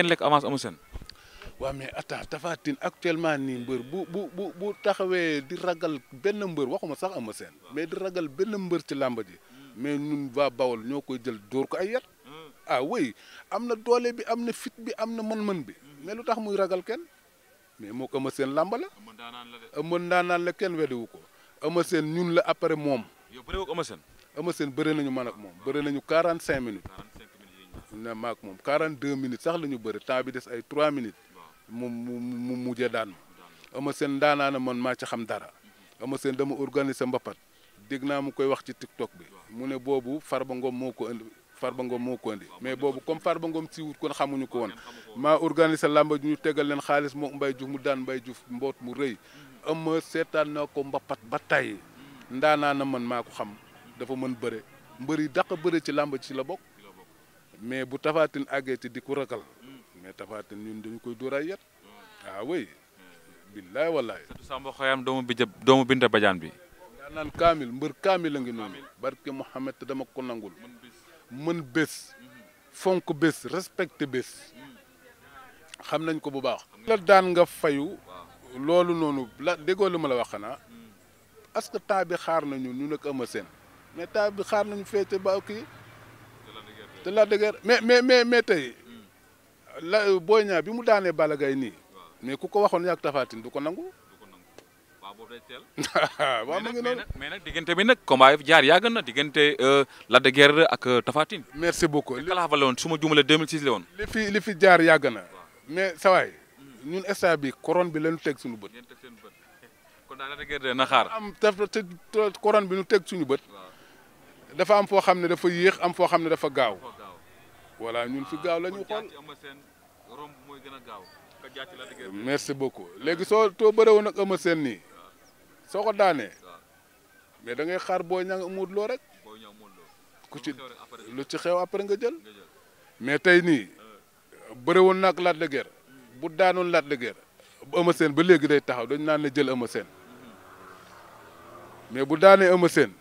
ngeen lekk avance amu seen. waaw mais attends Tapha actuellement nii mbër bu bu bu bu taxawee di ragal benn mbër waxuma sax ama seen mais di ragal benn mbër ci làmba ji mais ñun waa Bawol ñoo koy jël dóor ko ay yat hmm. ah oui am na doole bi am na fit bi am na mën-mën bi hmm. mais lu tax muy ragal kenn mais moo ko ama seen làmba la mën daanaan la kenn weddiwu ko ama seen ñun la après moom yow bëre woo ama seen ama seen bëri nañu man ak moom bëri nañu quarante cinq minutes na maak moom 42 minutes sax la ñu bëri temps bi des ay 3 minutes mu mu mu mujjee daan ma. ama seen daanaana man maa ci xam dara ama seen dama organiser mbapat dégg naa mu koy wax ci tiktok bi mu ne boobu far ba Ngom moo ko indi Farba Ngom moo ko indi mais boobu comme ngoom Ngom siiwut kon xamuñu ko woon maa organiser làmba ñu tegal leen xaalis moo mbay Diouf mu daan mbay Diouf mboot mu rëy ama seetaan naa ko mbapat ba tey ndaanaana man maa ko xam dafa mën bëre mbër yi daq bëre ci làmba ci la bokk mais bu tafaatin àggati di ko ragal mais tafaatin ñun dañu koy dóor ay yat ah oui. billaay wallaay. Samba Xoyam doomu bi jë doomu bi. yaa kaamil mbër kaamil la ngi noonu. barke Mouhamed te dama ko nangul. mën bés. fonk bés respecté bés. xam nañ ko bu baax. la daan nga fayu. loolu noonu la déggoo lu ma la wax xanaa. est-ce que temps bi xaar nañu ñu ne ko Eumeu Sène mais temps xaar nañu féete ba kii. te la de Guiers mais mais mais mais tey la Boy Niang bi mu daanee Balla Gaye nii mais ku ko waxoon yàgg Tapha Tine du ko nangu. waaw ma ngi noonu mais nag diggante bi nag combat yi jaar yàgg na diggante euh, Lac de ak euh, Tapha Tine. merci beaucoup li kalaaf la suma su ma juumalee 2006 la woon. li fi li fi jaar yàgg na. mais sa waay hmm. ñun état bi couronne bi lañu teg suñu bët. kon daal Lac de Guiers na xaar. am te couronne bi ñu teg suñu bët. dafa am foo xam ne dafa yéex am foo xam ne dafa gaaw voilà ñun fi gaaw lañu ñu xool merci beaucoup léegi soo too bëre woon ak Eumeu Sène nii soo ko daanee mais da ngay xaar boo ña nga Modou Lo rek ku ci lu ci xew après nga jël mais tey nii bëre woon nag Lac de bu daanoon Lac de Guiers ba léegi day taxaw dañ naan ne jël Eumeu Sène mais bu daanee Eumeu Sène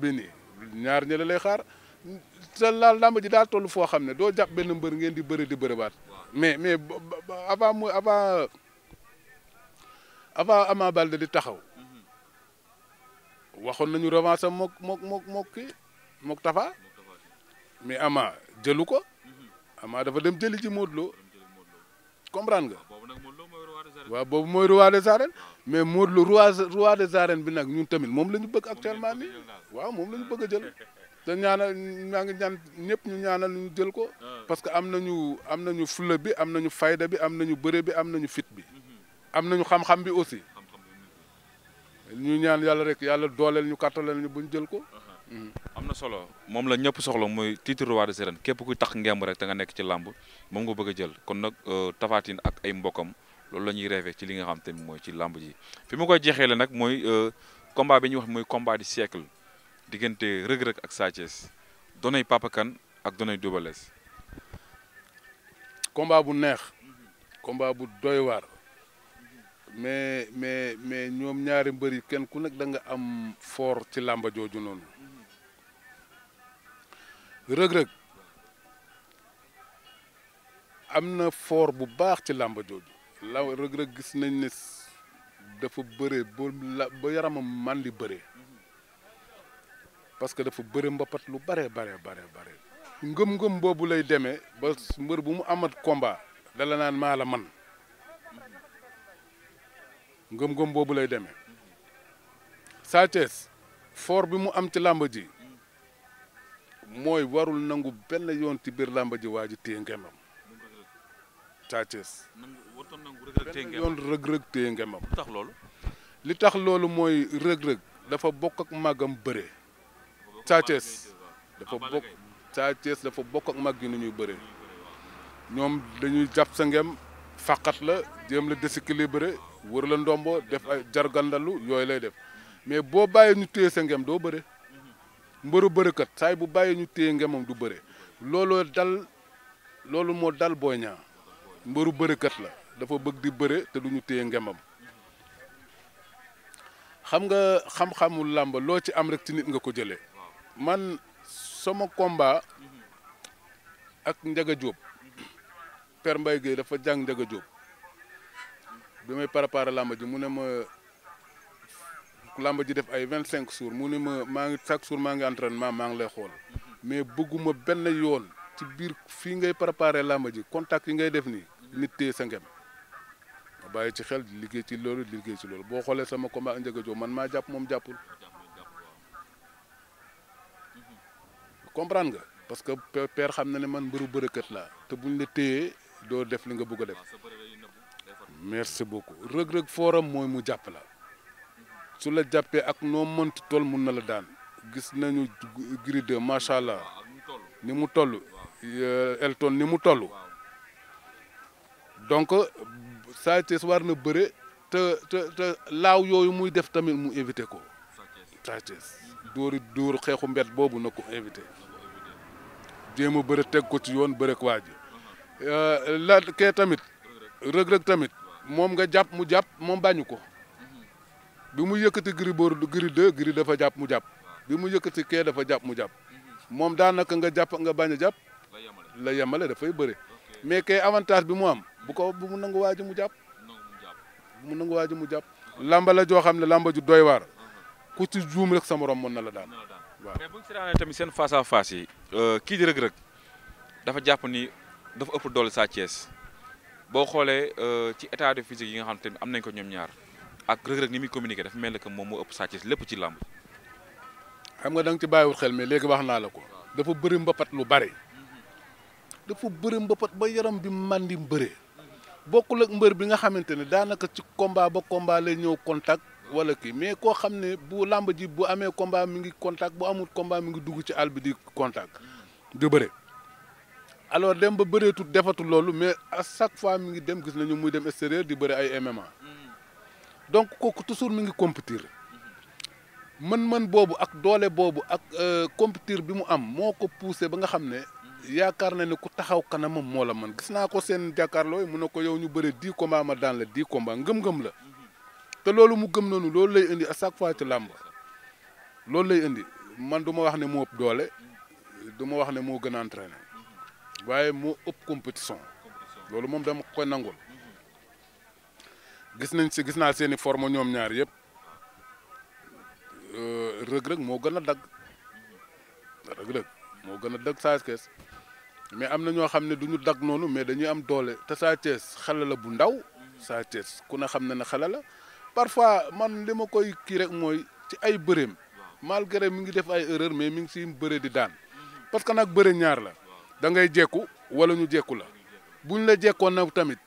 bi nii ñaar ñële lay xaar sa laal làmb ji daal toll foo xam ne doo jàpp benn mbër ngeen di bëri di bëriwaat mais mais avant mu avant avant Ama Baldé di taxaw waxoon nañu revanche am mook mook mook mook kii mook Tafa mais Ama jëlu ko Ama dafa dem jëli ji Modou Lo comprendre nga waaw boobu mooy roi des arènes mais Modou lu roi roi des arènes bi nag ñun tamit moom la ñu bëgg actuellement nii waaw moom la ñu bëgg a jël te ñaanal maa ngi ñaan ñëpp ñu ñaanal ñu jël ko parce que am nañu am nañu fulla bi am na ñu fayda bi am nañu bëre bi am nañu fit bi am nañu xam-xam bi aussi ñu ñaan yàlla rek yàlla dooleel ñu kattaleel ñu bu ñu jël ko. am na solo moom la ñëpp soxla mooy titre roi des arènes képp kuy tax ngemb rek te nga nekk ci làmb moom nga bëgg a jël kon nag euh, Tapha ak ay mbokkam. loolu la ñuy rêvé ci li nga xam te ni mooy ci làmb ji fi ma koy jeexeele nag mooy euh, combat bi ñuy wax mooy combat du diggante Reug ak Sa Thiès donay Papa Kane ak donay Double Less bu neex combat bu doy mais mais mais ñoom ñaari mbër yi kenn ku nekk da nga am foor ci làmba jooju noonu Reug Reug am na foor bu baax ci làmba jooju law Reug Reug gis nañ ne dafa bëree ba yaramam man li bëree parce que dafa bëri mboppat lu bare bare bare bare ngëm-ngëm boobu lay demee ba mbër bu mu amat combat dala naan maa la man ngëm-ngëm boobu lay demee Sa Thiès fort bi mu am ci làmba ji mooy warul nangu benn yoon ci biir làmba ji waa ji téye ngëmam Sa Thiès téye ngeen yoon rëg-rëg téye ngeen tax loolu. li tax loolu mooy rëg-rëg dafa bokk ak màggam bëre. Sa ah, Thiès dafa bokk Sa dafa bokk ak màgg yi ni ñuy bëree ñoom dañuy jàpp sa ngem fàqat la jéem la déséquilibré wër la ndombo def ay jargandalu yooyu lay def mais boo bàyyee ñu téye sa ngem doo bëre mbëru bërëkat saay bu bàyyee ñu téye ngemam du bëre looloo dal loolu moo dal Boy Niang mbëru bërëkat la dafa bëgg di bëre te du ñu téye ngembam xam nga xam-xamul làmb loo ci am rek ci nit nga ko jëlee man sama combat ak njaga Diop Père Mbaye Gueye dafa jàng Ndiaga jóob bi may préparé làmb ji mu ne ma làmb ji def ay vingt cinq jours mu ne ma maa ngi chaque jour maa ngi entraînement maa ngi lay xool mais bëgguma benn yoon ci biir fii ngay préparé làmb ji contact yi ngay def nii nit téye sa ngem bàyyi ci xel liggéey ci loolu liggéey ci loolu boo xoolee sama combat Ndiaga Diop man maa jàpp moom jàppul comprendre nga parce que père xam na ne man mbëru bërëkkat laa te buñ la téyee doo def li nga bëgg def merci beaucoup rëg-rëg forum mooy mu jàpp la su la jàppee ak noo mënt toll mun na la daan gis nañu Gris 2 macha allah ni mu toll Elton ni mu toll donc Sa Thiès war na bëre te te te laaw yooyu muy def tamit mu invité ko Sa Thiès dóor xeexu mbet boobu na ko invité jéem a bëre teg ko ci yoon bëre ko waa ji euh, la kee tamit rëg-rëg tamit moom nga jàpp mu jàpp moom bañu ko bi mu yëkkati giri boor giri deux giri dafa jàpp mu jàpp bi mu yëkkati kee dafa jàpp mu jàpp moom daanaka nga jàpp nga bañ jàpp la yemale dafay bëre mais kay avantage bi mu am bu ko bu mu nangu waaji mu jàpp bu mu nangu waaji mu jàpp lamba joo xam ne lamba ju doy waar ku ci juum rek sa morom mën na la daan waaw mais bu ñu si daanee tamit seen face faas yi euh, kii di rëg-rëg dafa jàpp ni dafa ëpp doole Sa Thiès boo xoolee euh, ci état de physique yi nga xam tamit am nañ ko ñoom ñaar ak rëg-rëg ni muy communiqué dafa mel na que moom moo ëpp Sa Thiès lépp ci làmb xam nga da ci bàyyiwul xel mais léegi wax naa la ko dafa bëri mbapat lu bare dafa bëri mbapat ba yaram bi màndi mbëre bokkul ak mbër bi nga xamante ne daanaka ci combat ba combat lay ñëw contact wala kii mais koo xam ne bu làmb ji bu amee combat mi ngi contact bu amul combat mi ngi dugg ci àll bi di contact du bëre alors dem ba bëreetul defatul loolu mais à chaque fois mu ngi dem gis nañu muy dem extérieur di bëre ay MMA donc kooku toujours mu ngi compétir mën-mën boobu ak doole boobu ak euh, compétir bi mu am moo ko poussé ba nga xam ne yaakaar na ne ku taxaw kanamam moo la man gis naa ko seen jàkkaarloo mu ne ko yow ñu bëri dix combat ma daan la dix combat ngëm-ngëm la te loolu mu gëm noonu loolu lay indi à chaque fois ci làmb loolu lay indi man duma wax ne moo ëpp doole du ma wax ne moo gën a entraîné waaye moo ëpp compétition loolu moom dama koy nangul gis nañ si gis naa seen i forme ñoom ñaar yëpp euh, rëg-rëg moo gën a dagg moo gën a dagg saa kees mais am na ñoo xam ne du ñu dag noonu mais dañuy am doole te Sa Thiès xale la bu ndaw Sa Thiès ku ne xam na ne xale la parfois man li ma koy kii rek mooy ci ay bëreem malgré mi ngi def ay erreur mais mi ngi si bëre di daan parce que nag bëre ñaar la da ngay jekku wala ñu jekku la buñ la jekkoon nag tamit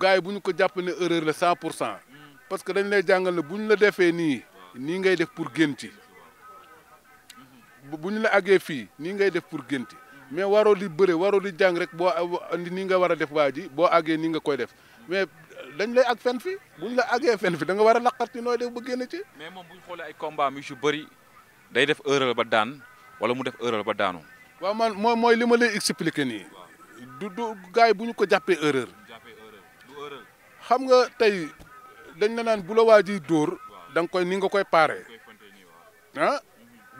gars yi bu ñu ko jàpp ne erreur la sant pour cent parce que dañ lay jàngal bu ñu la defee nii nii ngay def pour génn ci bu ñu la àggee fii nii ngay def pour génn ci mais waroo di bëre waroo di jàng rek boo andi nii nga war a def waa ji boo àggee ni nga koy def mais dañ lay ak fen fi buñ la àggee fen fi da nga war a laqati nooy def ba génn ci. mais moom bu ñu xoolee ay combat mi yu bëri day def erreur ba daan wala mu def erreur ba daanu. waaw man moom mooy li ma lay expliquer nii. du du gars yi bu ñu ko jàppee erreur. xam nga tey dañ la naan bu la waa ji dóor da nga koy ni nga koy paaree ah mhm.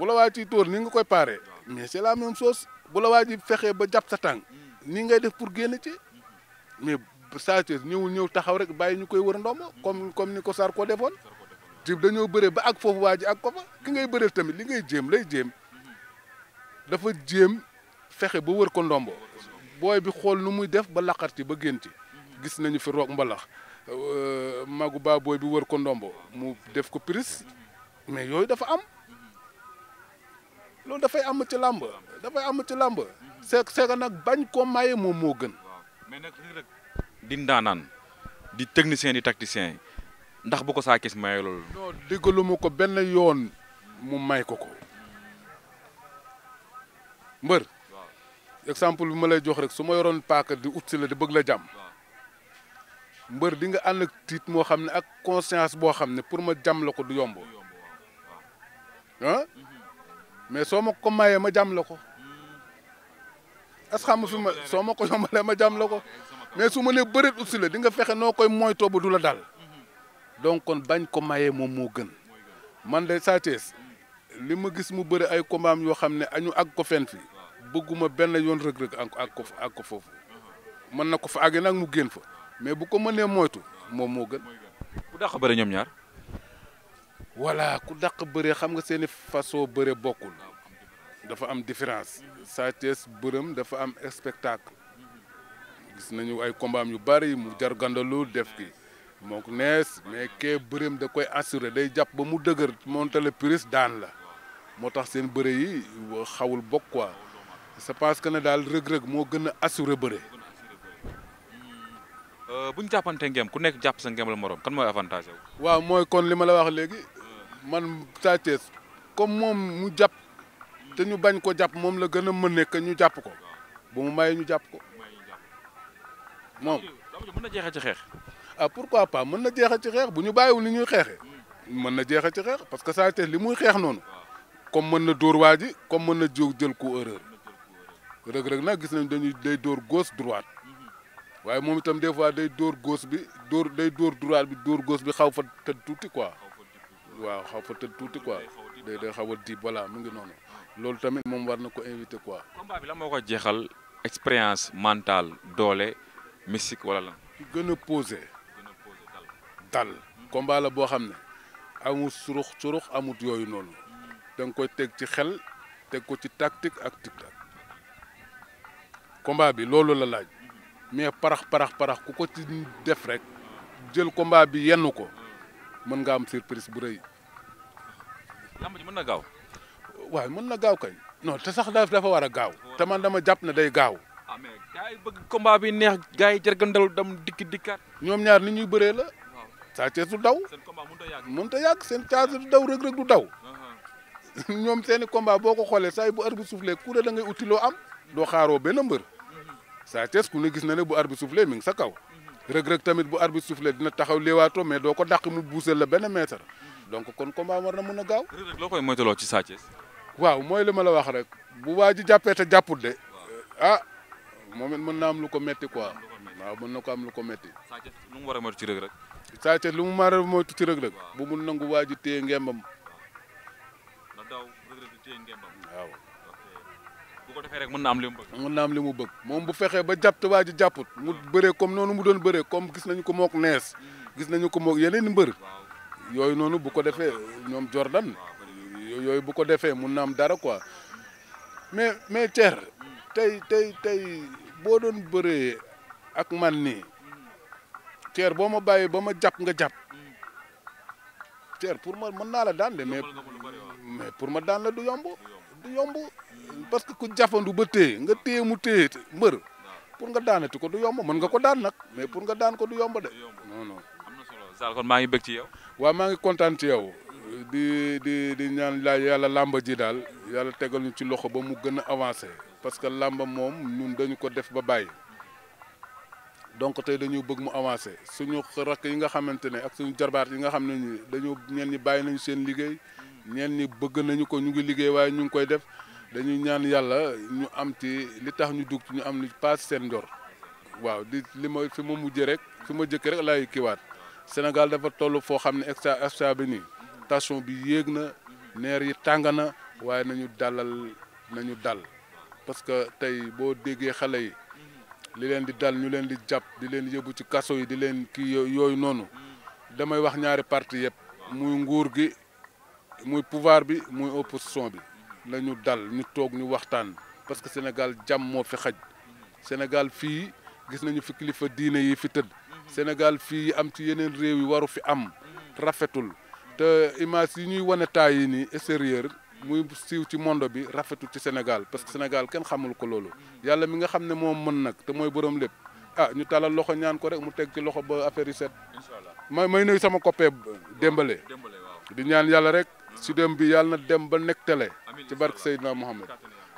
bu la waa ji dóor ni nga koy paaree mais c'est la même chose. bu la waa ji fexee ba jàpp sa tànk ni ngay def pour génn ci mais Sa Thiès ñëwul ñëw taxaw rek bàyyi ñu koy war ndombo comme comme ni ko Sarr ko defoon ci dañoo bëree ba ak foofu waa ji ak ko fa ki ngay bëree tamit li ngay jéem lay jéem dafa jéem fexe ba wër ko ndombo booy bi xool nu muy def ba laqar ci ba génn ci gis nañu fi roog mbalax euh, magu baa booy bi wër ko ndombo mu def ko prise mais yooyu dafa am loolu dafay am ci làmb dafay am ci lamb c'est c'est nag bañ ko maye moom moo gën. mais nag rek di ndaanaan di technicien di tacticien ndax bu ko saa kees maye loolu. non diggalu ko benn yoon mu may ko ko mbër. exemple bi ma lay jox rek su ma yoroon di ut si la di bëgg la jam mbër di nga ànd ak tiit moo xam ne ak conscience boo xam ne pour ma jam la ko du yomb ah. mais soo ma ko mayee ma jàmm ko as hmm. ce xam su ma soo ma ko yombalee ma jàmm ko mais su ma nee bëreet aussi la di nga fexe noo koy moytoo ba du la dal mm-hmm. donc kon bañ ko mayee moom moo gën man de Sa Thiès li ma gis mu bëri ay kombaam yoo xam ne añu àgg ko fenn fi bëgguma benn yoon rëg-rëg ak ko àgg ko foofu uh-huh. mën na ko fa àggee nag mu génn fa mais bu ko mënee moytu moom moo gën. bu dàq bëri ñoom voilà ku dàq bëre xam nga seeni façon bëre bokkul dafa am différence Sa Thiès bërëm dafa am spectacle gis nañu ay kombaam yu bari mu jar gandalu def ki moo ko nees mais kee bërëm da koy assurer day japp ba mu deuguer monter le prix daan la motax tax seen bëre yi xawul bok quoi c'est parce que na dal rëg-rëg mo gëna assurer beure euh buñu ñu ngem ku nekk japp sa ngem la morom kan moy avantage. wa moy kon lima la wax léegi man Sa Thiès comme moom mu jàpp te ñu bañ ko jàpp moom la gën a mën nekk ñu jàpp ko bu mu mayee ñu jàpp ko moom. mën na jeexee ci xeex. ah pourquoi pas mën na jeexee ci xeex bu ñu bàyyiwul ni ñuy xeexee mën na jeexee ci xeex parce que Sa Thiès li muy xeex noonu comme mën na dóor waa ji comme mën na jóg jël ko erreur rëg-rëg nag gis nañ dañuy day dóor gauche droite waaye moom itam des fois day dóor gauche bi dóor day dóor droite bi dóor gauche bi xaw fa tëdd tuuti quoi. waaw xaw fa tëdd tuuti quoi day day xaw a diib voilà mu ngi noonu loolu tamit moom war na ko invité quoi. combat bi la moo ko jeexal expérience mentale doole mystique wala lan. ki gën a posé. dal combat la boo xam ne amul surux surux amut yooyu noonu da nga koy teg ci xel teg ko ci tactique ak tic-tac combat bi loolu la laaj mais parax parax parax ku ko ci def rek jël combat bi yenn ko. mën nga am surprise bu rëy. lamb ji mën na gaaw. waaw mën na gaaw kay non te sax daf dafa war a gaaw te man dama jàpp ne day gaaw. ah mais gars bëgg combat bi neex gars yi jargandalu dam dikki dikkaat. ñoom ñaar ni ñuy bëree la. Sa Thiès du daw. seen combat mënut a yàgg mënut a seen Thiès du daw Reug Reug du daw. Uh-huh. ñoom seeni combat boo ko xoolee saa yi bu arbitre soufflé ku ne da ngay uti loo am. doo xaaroo benn mbër. Sa Thiès ku ne gis na ne bu arbitre soufflé mi ngi sa kaw. rëg-rëg tamit bu arbitre soufflé dina taxaw léewaato mais doo ko dàq mu buusal la benn mètre donc kon combat war na mën a gaaw. rëg-rëg loo ci Sa waaw mooy li ma la wax rek bu waa ji jàppee te jàpput de a ah, moom it mën na am lu ko metti quoi waaw mën na ko am lu ko metti. Sa lu mu war a moytu ci rëg-rëg. Sa lu mu war a moytu ci rëg-rëg bu mun nangu waa ji téye ngembam. na ngembam. ko am li mu bëgg. li mu bëgg moom bu fexee ba jàpp te waa ji jàpput mu bëree comme noonu mu doon bëree comme gis nañu ko mook nees gis nañu ko mook yeneen mbër yooyu noonu bu ko defee ñoom Jordan yooyu bu ko defee mun na am dara quoi mais mais Thier tey tey tey boo doon bëree ak man ni Thier boo ma bàyyi ba ma jàpp nga jàpp Thier pour ma mën naa la daan de mais mais pour ma daan la du yomb du yomb parce que ku jafandu ba téye nga téye mu téye mbër pour nga daanati ko du yomb mën nga ko daan nag mais pour nga daan ko du yomb de. non non. am na solo Zal kon maa ngi bëgg ci yow. waaw maa ngi kontaan ci yow. di di di ñaan la yàlla làmba ji daal yàlla tegal ñu ci loxo ba mu gën a avancé parce que làmba moom ñun dañu ko def ba bàyyi donc tey dañu bëgg mu avancé suñu rakk yi nga xamante ne ak suñu jarbaat yi nga xam ne ni dañu ñenn bàyyi nañu seen liggéey ñenn ñi bëgg nañu ko ñu ngi liggéey waaye ñu ngi koy def dañuy ñaan yàlla ñu am ci li tax ñu dugg ñu am lu paas seen njor waaw di li ma fi ma mujjee rek fi ma jëkk rek lay kiiwaat Sénégal dafa toll foo xam ne extra extra bi nii tension bi yéeg na neer yi tàng na waaye nañu dalal nañu dal parce que tey boo déggee xale yi li leen di dal ñu leen di jàpp di leen yóbbu ci kaso yi di leen kii yooyu noonu damay wax ñaari parti yëpp muy nguur gi muy pouvoir bi muy opposition bi la dal ñu toog ñu waxtaan parce que Sénégal jàmm moo fi xaj Sénégal fii gis nañu fi kilifa diine yi fi tëdd Sénégal fii am ci yeneen réew yi waru fi am rafetul te image yi ñuy wane taay yi nii extérieur muy siiw ci monde bi rafetul ci Sénégal parce que Sénégal kenn xamul ko loolu yàlla mi nga xam ne moom mën nag te mooy borom lépp ah ñu talal loxo ñaan ko rek mu teg ci loxo ba affaire yi set may may nuyu sama coppee Dembale di ñaan yàlla rek sudem bi yàlla dem ba nekk télé ci barke Seydina Mohamed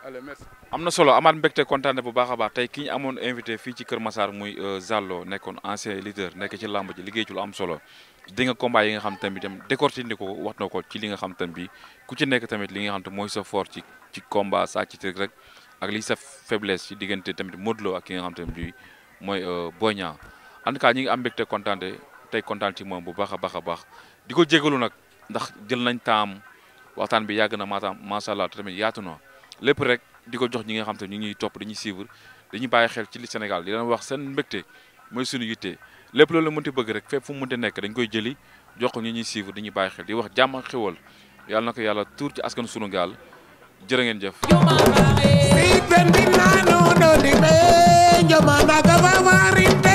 allez am na solo amaat mbégte kontaan bu baax a baax tey ki amoon invité fii ci Kër Massar muy euh, Zallo nekkoon ancien leader nekk ci làmb ji liggéey ci lu am solo di nga combat yi nga xam tamit dem décortiquer ko wax na ko ci li nga xam tam bi ku ci nekk tamit li nga xam te mooy sa fort ci ci combat saa ci rek ak li sa faiblesse ci diggante tamit Modou Lo ak ki nga xam te bi mooy euh, Boy Niang en tout cas ñi ngi am mbégte kontaan tey kontaan ci moom bu baax a baax a baax di ndax jël nañ taam waxtaan bi yàgg na maataam macha allah tamit yaatu na lépp rek di ko jox ñi nga xam te ñu ngi ñuy topp dañuy suivre dañuy bàyyi xel ci li Sénégal di leen wax seen mbégte mooy suñu yitte lépp loolu mënti bëgg rek fépp fu mënti nekk dañ koy jëli jox ko ñi ñuy suivre dañuy bàyyi xel di wax jàmm ak xéwal yàlla na ko yàlla tuur ci askan sunu gaal jërë ngeen jëf. Jomana